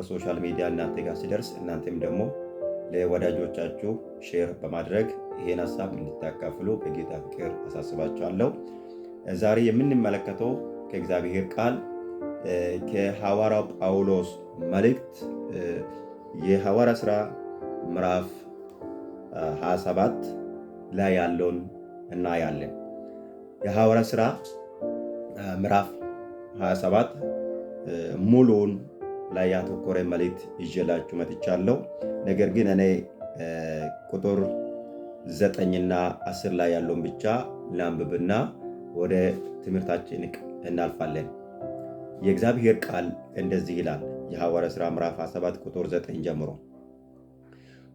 በሶሻል ሚዲያ እናንተ ጋር ሲደርስ እናንተም ደግሞ ለወዳጆቻችሁ ሼር በማድረግ ይሄን ሀሳብ እንድታካፍሉ በጌታ ፍቅር አሳስባችኋለሁ። ዛሬ የምንመለከተው ከእግዚአብሔር ቃል ከሐዋርያው ጳውሎስ መልእክት የሐዋርያ ሥራ ምዕራፍ 27 ላይ ያለውን እናያለን። የሐዋርያ ሥራ ምዕራፍ 27 ሙሉውን ላይ ያተኮረ መልእክት ይዤላችሁ መጥቻለሁ። ነገር ግን እኔ ቁጥር ዘጠኝና አስር ላይ ያለውን ብቻ ላንብብና ወደ ትምህርታችን እናልፋለን። የእግዚአብሔር ቃል እንደዚህ ይላል። የሐዋርያት ሥራ ምዕራፍ 7 ቁጥር 9 ጀምሮ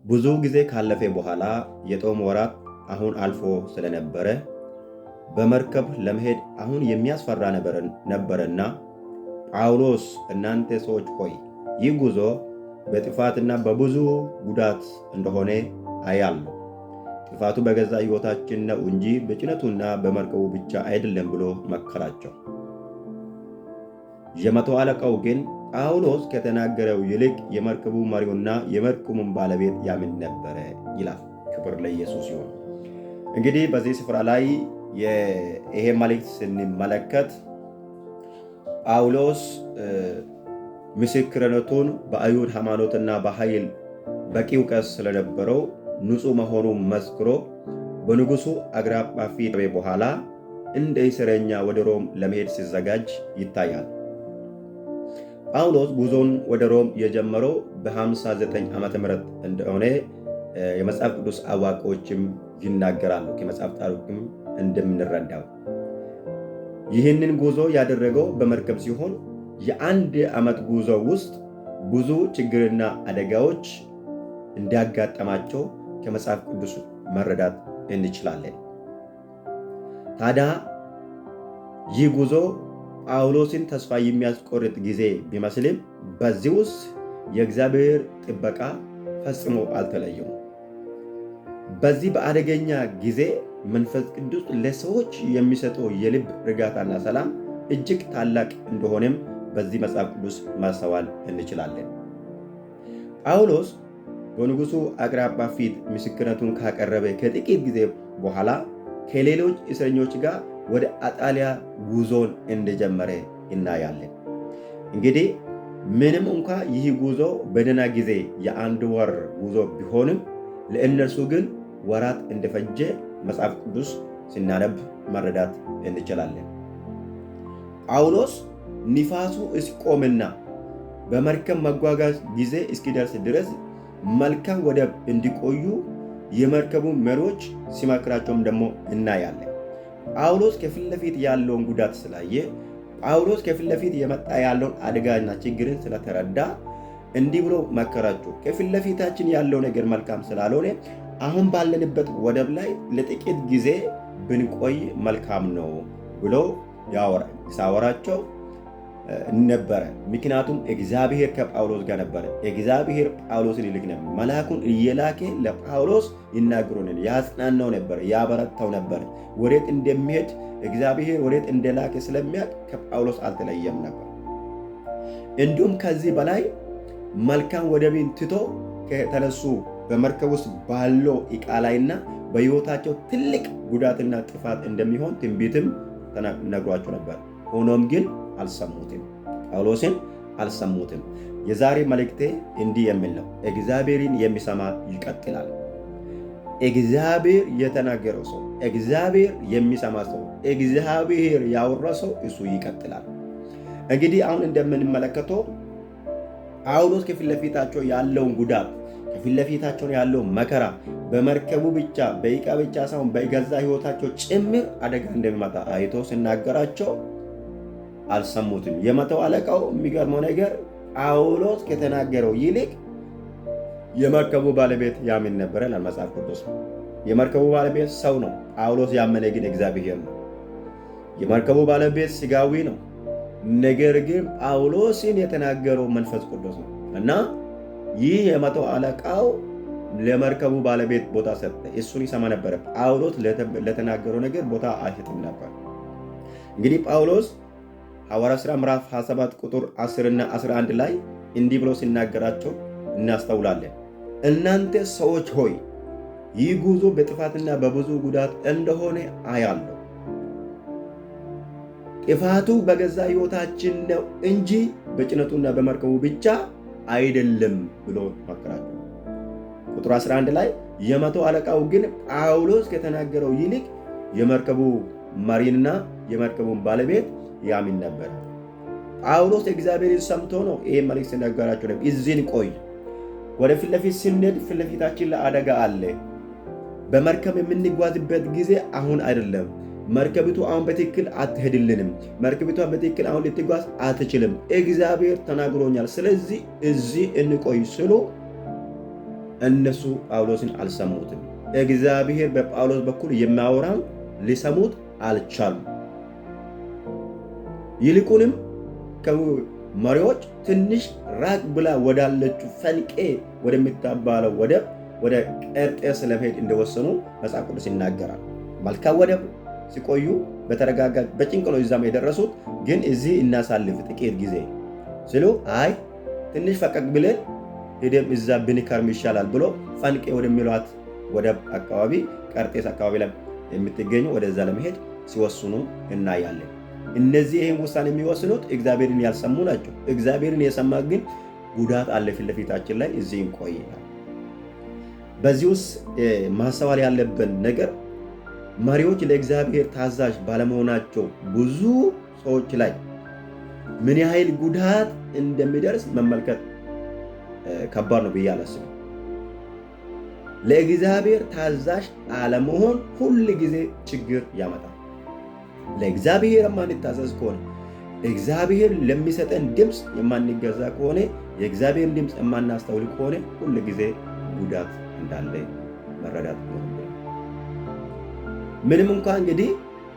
ብዙ ጊዜ ካለፈ በኋላ የጦም ወራት አሁን አልፎ ስለነበረ በመርከብ ለመሄድ አሁን የሚያስፈራ ነበረና ጳውሎስ እናንተ ሰዎች ሆይ ይህ ጉዞ በጥፋትና በብዙ ጉዳት እንደሆነ አያለሁ። ጥፋቱ በገዛ ሕይወታችን ነው እንጂ በጭነቱና በመርከቡ ብቻ አይደለም ብሎ መከራቸው። የመቶ አለቃው ግን ጳውሎስ ከተናገረው ይልቅ የመርከቡ መሪውና የመርከቡን ባለቤት ያምን ነበረ ይላል። ክብር ለኢየሱስ ይሁን። እንግዲህ በዚህ ስፍራ ላይ ይሄ መልእክት ስንመለከት ጳውሎስ ምስክርነቱን በአይሁድ ሃይማኖትና በኃይል በቂ እውቀት ስለነበረው ንጹሕ መሆኑን መስክሮ በንጉሡ አግራጳ ፊት በኋላ እንደ እስረኛ ወደ ሮም ለመሄድ ሲዘጋጅ ይታያል። ጳውሎስ ጉዞን ወደ ሮም የጀመረው በ59 ዓመተ ምህረት እንደሆነ የመጽሐፍ ቅዱስ አዋቂዎችም ይናገራሉ። ከመጽሐፍ ታሪክም እንደምንረዳው ይህንን ጉዞ ያደረገው በመርከብ ሲሆን የአንድ ዓመት ጉዞ ውስጥ ብዙ ችግርና አደጋዎች እንዳጋጠማቸው ከመጽሐፍ ቅዱስ መረዳት እንችላለን። ታዲያ ይህ ጉዞ ጳውሎስን ተስፋ የሚያስቆርጥ ጊዜ ቢመስልም በዚህ ውስጥ የእግዚአብሔር ጥበቃ ፈጽሞ አልተለየም። በዚህ በአደገኛ ጊዜ መንፈስ ቅዱስ ለሰዎች የሚሰጠው የልብ እርጋታና ሰላም እጅግ ታላቅ እንደሆነም በዚህ መጽሐፍ ቅዱስ ማስተዋል እንችላለን። ጳውሎስ በንጉሱ አቅራባ ፊት ምስክርነቱን ካቀረበ ከጥቂት ጊዜ በኋላ ከሌሎች እስረኞች ጋር ወደ አጣሊያ ጉዞን እንደጀመረ እናያለን። እንግዲህ ምንም እንኳ ይህ ጉዞ በደህና ጊዜ የአንድ ወር ጉዞ ቢሆንም ለእነርሱ ግን ወራት እንደፈጀ መጽሐፍ ቅዱስ ሲናነብ መረዳት እንችላለን። ጳውሎስ ንፋሱ እስቆምና በመርከብ መጓጓዝ ጊዜ እስኪደርስ ድረስ መልካም ወደብ እንዲቆዩ የመርከቡ መሪዎች ሲመክራቸውም ደግሞ እናያለን። ጳውሎስ ከፊት ለፊት ያለውን ጉዳት ስላየ፣ ጳውሎስ ከፊት ለፊት የመጣ ያለውን አደጋና ችግርን ስለተረዳ እንዲህ ብሎ መከራቸው። ከፊት ለፊታችን ያለው ነገር መልካም ስላልሆነ አሁን ባለንበት ወደብ ላይ ለጥቂት ጊዜ ብንቆይ መልካም ነው ብሎ ሳወራቸው ነበረ። ምክንያቱም እግዚአብሔር ከጳውሎስ ጋር ነበረ። እግዚአብሔር ጳውሎስን ይልክ ነበር። መልአኩን እየላከ ለጳውሎስ ይናገሩንን ያጽናናው ነበር፣ ያበረታው ነበር። ወዴት እንደሚሄድ እግዚአብሔር ወዴት እንደላከ ስለሚያውቅ ከጳውሎስ አልተለየም ነበር። እንዲሁም ከዚህ በላይ መልካም ወደብን ትቶ ከተነሱ በመርከብ ውስጥ ባለው ዕቃ ላይና በህይወታቸው ትልቅ ጉዳትና ጥፋት እንደሚሆን ትንቢትም ነግሯቸው ነበር። ሆኖም ግን አልሰሙትም፣ ጳውሎስን አልሰሙትም። የዛሬ መልእክቴ እንዲህ የሚል ነው፣ እግዚአብሔርን የሚሰማ ይቀጥላል። እግዚአብሔር የተናገረው ሰው፣ እግዚአብሔር የሚሰማ ሰው፣ እግዚአብሔር ያወራ ሰው እሱ ይቀጥላል። እንግዲህ አሁን እንደምንመለከተው ጳውሎስ ከፊት ለፊታቸው ያለውን ጉዳት ፊት ለፊታቸውን ያለው መከራ በመርከቡ ብቻ በይቃ ብቻ ሳይሆን በገዛ ህይወታቸው ጭምር አደጋ እንደሚመጣ አይቶ ሲናገራቸው አልሰሙትም። የመቶ አለቃው የሚገርመው ነገር ጳውሎስ ከተናገረው ይልቅ የመርከቡ ባለቤት ያምን ነበረ። ለመጽሐፍ ቅዱስ የመርከቡ ባለቤት ሰው ነው። ጳውሎስ ያመነ ግን እግዚአብሔር ነው። የመርከቡ ባለቤት ስጋዊ ነው። ነገር ግን ጳውሎስን የተናገረው መንፈስ ቅዱስ ነው እና ይህ የመቶ አለቃው ለመርከቡ ባለቤት ቦታ ሰጠ። እሱን ይሰማ ነበረ። ጳውሎስ ለተናገረው ነገር ቦታ አይሰጥም ነበር። እንግዲህ ጳውሎስ ሐዋርያ ሥራ ምዕራፍ 27 ቁጥር 10 እና 11 ላይ እንዲህ ብሎ ሲናገራቸው እናስተውላለን። እናንተ ሰዎች ሆይ ይህ ጉዞ በጥፋትና በብዙ ጉዳት እንደሆነ አያለሁ። ጥፋቱ በገዛ ሕይወታችን ነው እንጂ በጭነቱና በመርከቡ ብቻ አይደለም ብሎ መከራቸው። ቁጥር 11 ላይ የመቶ አለቃው ግን ጳውሎስ ከተናገረው ይልቅ የመርከቡ መሪና የመርከቡን ባለቤት ያምን ነበር። ጳውሎስ እግዚአብሔር ሰምቶ ነው ይህ መልእክት ሲነገራቸው ነበር። እዚህን ቆይ፣ ወደ ፊት ለፊት ስንሄድ ፊት ለአደጋ አለ። በመርከብ የምንጓዝበት ጊዜ አሁን አይደለም። መርከቢቱ አሁን በትክክል አትሄድልንም። መርከቢቷ በትክክል አሁን ልትጓዝ አትችልም። እግዚአብሔር ተናግሮኛል። ስለዚህ እዚህ እንቆይ ስሎ እነሱ ጳውሎስን አልሰሙትም። እግዚአብሔር በጳውሎስ በኩል የሚያወራን ሊሰሙት አልቻሉ። ይልቁንም መሪዎች ትንሽ ራቅ ብላ ወዳለችው ፈንቄ ወደምታባለው ወደብ ወደ ቀርጤስ ለመሄድ እንደወሰኑ መጽሐፍ ቅዱስ ይናገራል። መልካም ወደብ ሲቆዩ በተረጋጋ በጭንቅሎ እዛም የደረሱት ግን እዚህ እናሳልፍ ጥቂት ጊዜ ስሉ አይ ትንሽ ፈቀቅ ብለን ሂደም እዛ ብንከርም ይሻላል ብሎ ፈንቄ ወደሚሏት ወደብ አካባቢ ቀርጤስ አካባቢ ላይ የምትገኙ ወደዛ ለመሄድ ሲወስኑ እናያለን። እነዚህ ይህን ውሳኔ የሚወስኑት እግዚአብሔርን ያልሰሙ ናቸው። እግዚአብሔርን የሰማ ግን ጉዳት አለ ፊት ለፊታችን ላይ እዚህ እንቆይናል። በዚህ ውስጥ ማስተዋል ያለብን ነገር መሪዎች ለእግዚአብሔር ታዛዥ ባለመሆናቸው ብዙ ሰዎች ላይ ምን ያህል ጉዳት እንደሚደርስ መመልከት ከባድ ነው ብዬ አላስብም። ለእግዚአብሔር ታዛዥ አለመሆን ሁል ጊዜ ችግር ያመጣል። ለእግዚአብሔር የማንታዘዝ ከሆነ እግዚአብሔር ለሚሰጠን ድምፅ የማንገዛ ከሆነ የእግዚአብሔር ድምፅ የማናስተውል ከሆነ ሁል ጊዜ ጉዳት እንዳለ መረዳት ነው። ምንም እንኳ እንግዲህ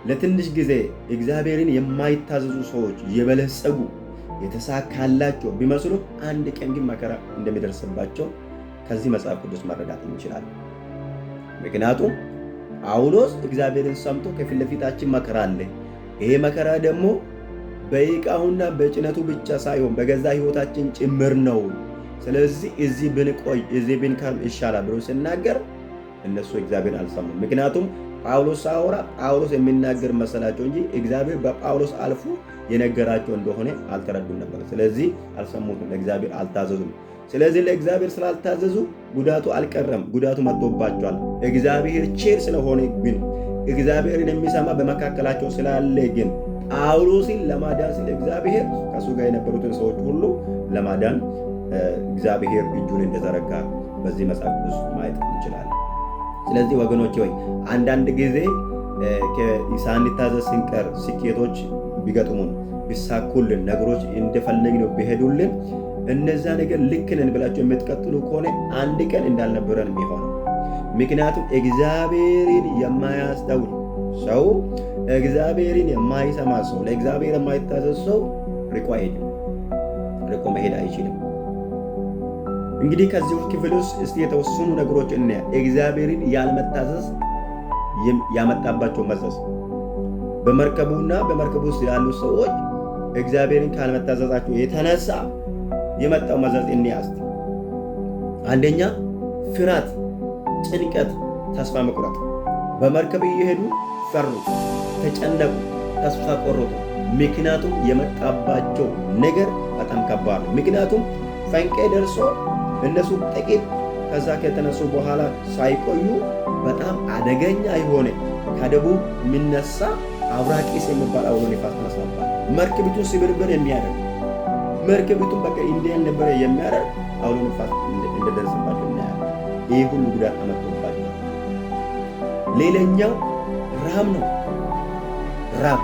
ለትንሽ ጊዜ እግዚአብሔርን የማይታዘዙ ሰዎች የበለጸጉ የተሳካላቸው ቢመስሉ አንድ ቀን ግን መከራ እንደሚደርስባቸው ከዚህ መጽሐፍ ቅዱስ መረዳት እንችላለን። ምክንያቱም ጳውሎስ እግዚአብሔርን ሰምቶ ከፊት ለፊታችን መከራ አለ፣ ይሄ መከራ ደግሞ በእቃውና በጭነቱ ብቻ ሳይሆን በገዛ ሕይወታችን ጭምር ነው፣ ስለዚህ እዚህ ብንቆይ እዚህ ብንከርም ይሻላል ብሎ ሲናገር እነሱ እግዚአብሔር አልሰሙም። ምክንያቱም ጳውሎስ ሳወራ ጳውሎስ የሚናገር መሰላቸው እንጂ እግዚአብሔር በጳውሎስ አልፎ የነገራቸው እንደሆነ አልተረዱም ነበር። ስለዚህ አልሰሙትም፣ ለእግዚአብሔር አልታዘዙም። ስለዚህ ለእግዚአብሔር ስላልታዘዙ ጉዳቱ አልቀረም፣ ጉዳቱ መጥቶባቸዋል። እግዚአብሔር ቼር ስለሆነ ግን እግዚአብሔርን የሚሰማ በመካከላቸው ስላለ ግን ጳውሎስን ለማዳን ስለ እግዚአብሔር ከሱ ጋር የነበሩትን ሰዎች ሁሉ ለማዳን እግዚአብሔር እጁን እንደዘረጋ በዚህ መጽሐፍ ውስጥ ማየት እንችላለን። ስለዚህ ወገኖች ወይ አንዳንድ ጊዜ ሳንታዘዝ ስንቀር ስኬቶች ቢገጥሙን ቢሳኩልን ነገሮች እንደፈለግ ነው ቢሄዱልን እነዛ ነገር ልክ ነን ብላችሁ የምትቀጥሉ ከሆነ አንድ ቀን እንዳልነበረን የሚሆን ምክንያቱም እግዚአብሔርን የማያስተውል ሰው፣ እግዚአብሔርን የማይሰማ ሰው፣ ለእግዚአብሔር የማይታዘዝ ሰው ርቆ አይሄድም፣ ርቆ መሄድ አይችልም። እንግዲህ ከዚሁ ክፍል ውስጥ እስቲ የተወሰኑ ነገሮች እናያ። እግዚአብሔርን ያልመታዘዝ ያመጣባቸው መዘዝ በመርከቡና በመርከቡ ውስጥ ያሉ ሰዎች እግዚአብሔርን ካልመታዘዛቸው የተነሳ የመጣው መዘዝ እንያስ። አንደኛ ፍርሃት፣ ጭንቀት፣ ተስፋ መቁረጥ። በመርከብ እየሄዱ ፈሩ፣ ተጨነቁ፣ ተስፋ ቆረጡ። ምክንያቱም የመጣባቸው ነገር በጣም ከባድ ነው። ምክንያቱም ፈንቄ ደርሶ እነሱ ጥቂት ከዛ ከተነሱ በኋላ ሳይቆዩ በጣም አደገኛ የሆነ ከደቡብ የሚነሳ አውራቂስ የሚባል አውሎ ነፋስ ተነሳባ። መርከቢቱን ሲብርብር የሚያደርግ መርከቢቱን በቃ እንዲያል ነበረ የሚያደርግ አውሎ ነፋስ እንደደረሰባቸው እናያለን። ይህ ሁሉ ጉዳት አመጥቶባቸው፣ ሌላኛው ራብ ነው። ራብ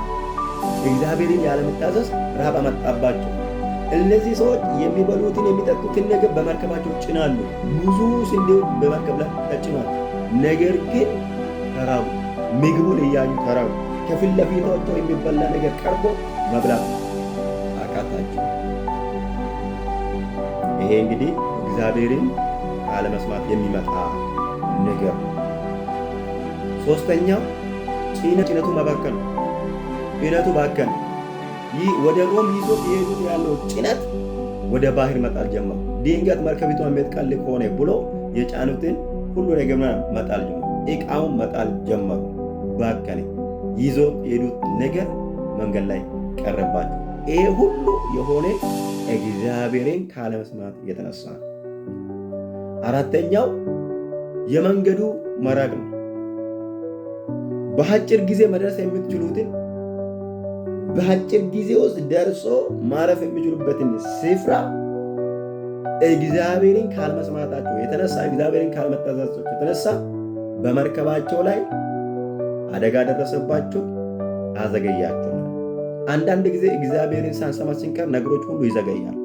እግዚአብሔርን ያለመታዘዝ ራብ አመጣባቸው። እነዚህ ሰዎች የሚበሉትን የሚጠጡትን ነገር በመርከባቸው ጭናሉ። ብዙ ስንዴዎች በመርከብ ላይ ተጭኗል። ነገር ግን ተራቡ። ምግቡን እያዩ ተራቡ። ከፊት ለፊታቸው የሚበላ ነገር ቀርቦ መብላት አቃታቸው። ይሄ እንግዲህ እግዚአብሔርን አለመስማት የሚመጣ ነገር ነው። ሶስተኛው ጭነቱ መባከን ጭነቱ ባከን ይህ ወደ ሮም ይዞ ይሄዱ ያለው ጭነት ወደ ባህር መጣል ጀመሩ። ድንገት መርከቢቷ የምትቀል ከሆነ ብሎ የጫኑትን ሁሉ ነገርና መጣል ጀመሩ። እቃውን መጣል ጀመሩ። ባከነ ይዞ የሄዱት ነገር መንገድ ላይ ቀረባቸው። ይሄ ሁሉ የሆነ እግዚአብሔርን ካለመስማት የተነሳ ነው። አራተኛው የመንገዱ መራቅ ነው። በአጭር ጊዜ መድረስ የምትችሉትን በአጭር ጊዜ ውስጥ ደርሶ ማረፍ የሚችሉበትን ስፍራ እግዚአብሔርን ካልመስማታቸው የተነሳ እግዚአብሔርን ካልመታዘዛቸው የተነሳ በመርከባቸው ላይ አደጋ ደረሰባቸው፣ አዘገያቸው። አንዳንድ ጊዜ እግዚአብሔርን ሳንሰማ ስንቀር ነገሮች ሁሉ ይዘገያል።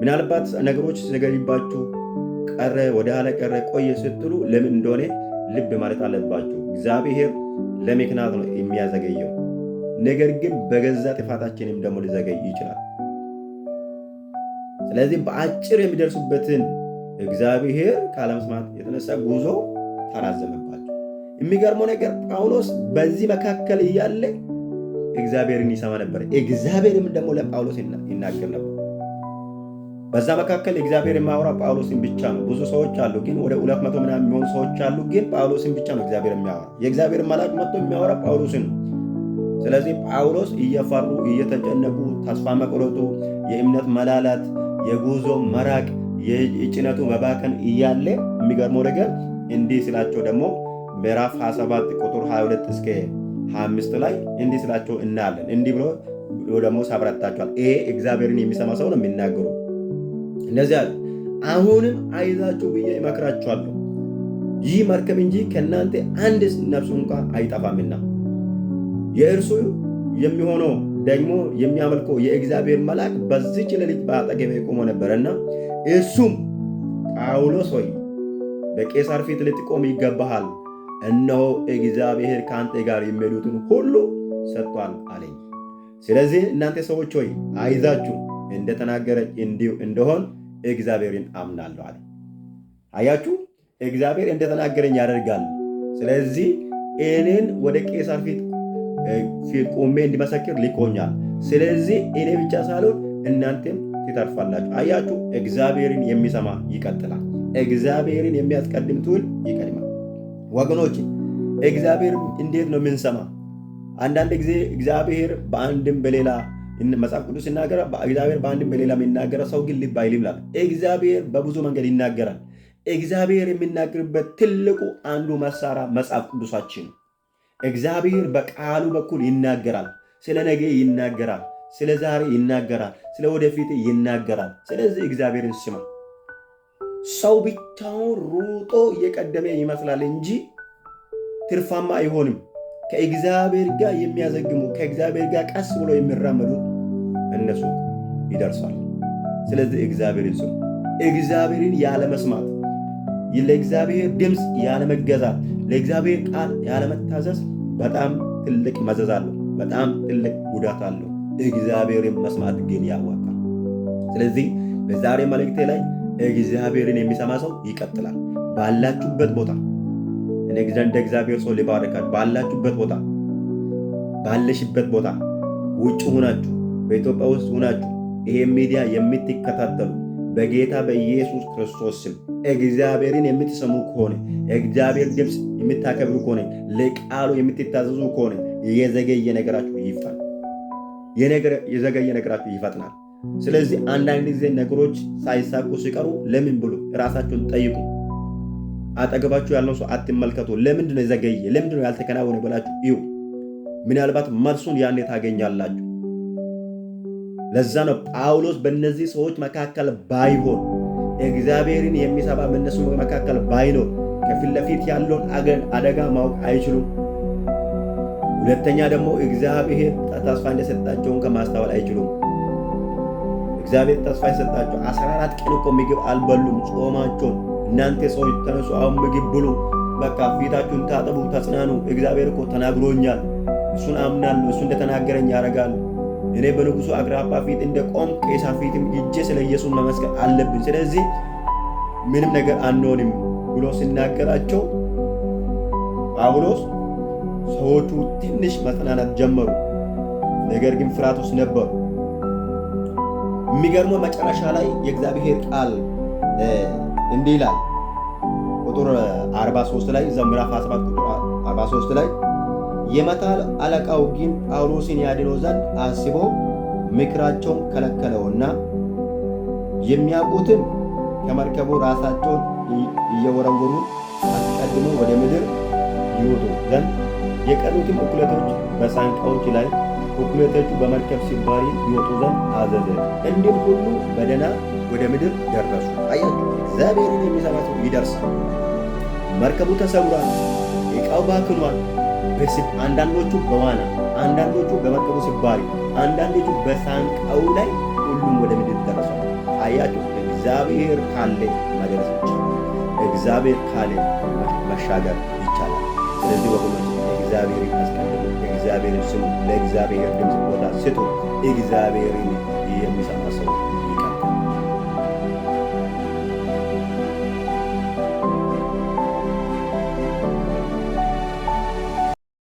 ምናልባት ነገሮች ሲዘገይባችሁ ቀረ፣ ወደ ኋላ ቀረ፣ ቆየ ስትሉ ለምን እንደሆነ ልብ ማለት አለባችሁ። እግዚአብሔር ለምክንያት ነው የሚያዘገየው። ነገር ግን በገዛ ጥፋታችንም ደግሞ ሊዘገይ ይችላል። ስለዚህ በአጭር የሚደርሱበትን እግዚአብሔር ካለመስማት የተነሳ ጉዞ ተራዘመባቸው። የሚገርመው ነገር ጳውሎስ በዚህ መካከል እያለ እግዚአብሔርን ይሰማ ነበር። እግዚአብሔርም ደግሞ ለጳውሎስ ይናገር ነበር። በዛ መካከል እግዚአብሔር የማያወራ ጳውሎስን ብቻ ነው። ብዙ ሰዎች አሉ፣ ግን ወደ ሁለት መቶ ምናምን የሚሆኑ ሰዎች አሉ፣ ግን ጳውሎስን ብቻ ነው እግዚአብሔር የሚያወራ። የእግዚአብሔር መልአክ መጥቶ የሚያወራ ጳውሎስን ነው። ስለዚህ ጳውሎስ እየፈሩ እየተጨነቁ ተስፋ መቁረጡ፣ የእምነት መላላት፣ የጉዞ መራቅ፣ የጭነቱ መባከን እያለ የሚገርመው ነገር እንዲህ ስላቸው ደግሞ ምዕራፍ 27 ቁጥር 22 እስከ 25 ላይ እንዲህ ስላቸው እናያለን። እንዲህ ብሎ ደግሞ ሰብረታቸዋል። ይሄ እግዚአብሔርን የሚሰማ ሰው ነው የሚናገሩ እነዚያ አሁንም አይዛችሁ ብዬ እመክራችኋለሁ ይህ መርከብ እንጂ ከእናንተ አንድ ነፍስ እንኳ አይጠፋምና የእርሱ የሚሆነው ደግሞ የሚያመልከው የእግዚአብሔር መልአክ በዚች ሌሊት በአጠገቤ ቆሞ ነበርና እሱም ጳውሎስ ሆይ በቄሳር ፊት ልትቆም ይገባሃል፣ እነሆ እግዚአብሔር ከአንተ ጋር የሚሄዱትን ሁሉ ሰጥቷል አለኝ። ስለዚህ እናንተ ሰዎች ሆይ አይዛችሁ እንደተናገረች እንዲሁ እንደሆን እግዚአብሔርን አምናለሁ አለ። አያችሁ እግዚአብሔር እንደተናገረኝ ያደርጋል። ስለዚህ እኔን ወደ ቄሳር ፊት ቆሜ እንዲመሰክር ልኮኛል። ስለዚህ እኔ ብቻ ሳልሆን እናንተም ትተርፋላችሁ። አያችሁ፣ እግዚአብሔርን የሚሰማ ይቀጥላል። እግዚአብሔርን የሚያስቀድም ትውል ይቀድማል። ወገኖች፣ እግዚአብሔር እንዴት ነው የምንሰማ? አንዳንድ ጊዜ እግዚአብሔር በአንድም በሌላ መጽሐፍ ቅዱስ ይናገራ እግዚአብሔር በአንድም በሌላ የሚናገረ ሰው ግን ልብ አይልም ይላል። እግዚአብሔር በብዙ መንገድ ይናገራል። እግዚአብሔር የሚናገርበት ትልቁ አንዱ መሳሪያ መጽሐፍ ቅዱሳችን እግዚአብሔር በቃሉ በኩል ይናገራል። ስለ ነገ ይናገራል፣ ስለ ዛሬ ይናገራል፣ ስለ ወደፊት ይናገራል። ስለዚህ እግዚአብሔርን ስማ። ሰው ብቻውን ሩጦ እየቀደመ ይመስላል እንጂ ትርፋማ አይሆንም። ከእግዚአብሔር ጋር የሚያዘግሙ ከእግዚአብሔር ጋር ቀስ ብሎ የሚራመዱ እነሱ ይደርሳል። ስለዚህ እግዚአብሔርን ስሙ። እግዚአብሔርን ያለመስማት ለእግዚአብሔር ድምፅ ያለመገዛት ለእግዚአብሔር ቃል ያለመታዘዝ በጣም ትልቅ መዘዝ አለው፣ በጣም ትልቅ ጉዳት አለው። እግዚአብሔርን መስማት ግን ያዋጣል። ስለዚህ በዛሬ መልእክቴ ላይ እግዚአብሔርን የሚሰማ ሰው ይቀጥላል። ባላችሁበት ቦታ እኔ እንደ እግዚአብሔር ሰው ሊባረካችሁ። ባላችሁበት ቦታ ባለሽበት ቦታ ውጭ ሁናችሁ በኢትዮጵያ ውስጥ ሁናችሁ ይሄ ሚዲያ የምትከታተሉ በጌታ በኢየሱስ ክርስቶስ ስም እግዚአብሔርን የምትሰሙ ከሆነ እግዚአብሔር ድምፅ የምታከብሩ ከሆነ ለቃሉ የምትታዘዙ ከሆነ የዘገየ ነገራችሁ ይፈጥናል። የዘገየ ነገራችሁ ይፈጥናል። ስለዚህ አንዳንድ ጊዜ ነገሮች ሳይሳኩ ሲቀሩ ለምን ብሎ ራሳችሁን ጠይቁ። አጠገባችሁ ያለው ሰው አትመልከቱ። ለምንድነው የዘገየ? ለምንድነው ያልተከናወነ ብላችሁ እዩ። ምናልባት መልሱን ያኔ ታገኛላችሁ። ለዛ ነው ጳውሎስ በእነዚህ ሰዎች መካከል ባይሆን እግዚአብሔርን የሚሰባ በእነሱ መካከል ባይኖር ከፊት ለፊት ያለውን አገን አደጋ ማወቅ አይችሉም። ሁለተኛ ደግሞ እግዚአብሔር ተስፋ እንደሰጣቸውን ከማስተዋል አይችሉም። እግዚአብሔር ተስፋ የሰጣቸው 14 ቀን እኮ ምግብ አልበሉም ጾማቸውን። እናንተ ሰዎች ተነሱ፣ አሁን ምግብ ብሉ፣ በቃ ፊታችሁን ታጠቡ፣ ተጽናኑ። እግዚአብሔር እኮ ተናግሮኛል፣ እሱን አምናለሁ፣ እሱ እንደተናገረኝ ያደርጋለሁ። እኔ በንጉሱ አግራባ ፊት እንደ ቆም ቄሳ ፊትም እጄ ስለ ኢየሱስ መመስከር አለብን። ስለዚህ ምንም ነገር አንሆንም። ብሎ ሲናገራቸው ጳውሎስ ሰዎቹ ትንሽ መጽናናት ጀመሩ። ነገር ግን ፍርሃት ውስጥ ነበሩ። የሚገርመው መጨረሻ ላይ የእግዚአብሔር ቃል እንዲህ ይላል ቁጥር 43 ላይ እዛ ምዕራፍ 17 ቁጥር 43 ላይ የመታል አለቃው ግን ጳውሎስን ያድነው ዘንድ አስቦ ምክራቸውን ከለከለውና የሚያውቁትን ከመርከቡ ራሳቸውን እየወረወሩ አስቀድሞ ወደ ምድር ይወጡ ዘንድ የቀሩትም እኩሌቶች በሳንቃዎች ላይ እኩሌቶቹ በመርከብ ሲባሪ ይወጡ ዘንድ አዘዘ። እንዲህ ሁሉ በደህና ወደ ምድር ደረሱ። አያችሁ፣ እግዚአብሔርን የሚሰማ ሰው ይደርሳል። መርከቡ ተሰውሯል፣ እቃው ባክኗል። አንዳንዶቹ በዋና አንዳንዶቹ በመርከቡ ሲባሪ አንዳንዶቹ በሳንቃው ላይ ሁሉም ወደ ምድር ደረሷል። አያችሁ፣ እግዚአብሔር ካለ መድረስ እግዚአብሔር ካለ መሻገር ይቻላል። ስለዚህ ወገኖች እግዚአብሔር አስቀድሞ እግዚአብሔር ስሙ፣ ለእግዚአብሔር ድምፅ ቦታ ስጡ። እግዚአብሔርን የሚሰማ ሰው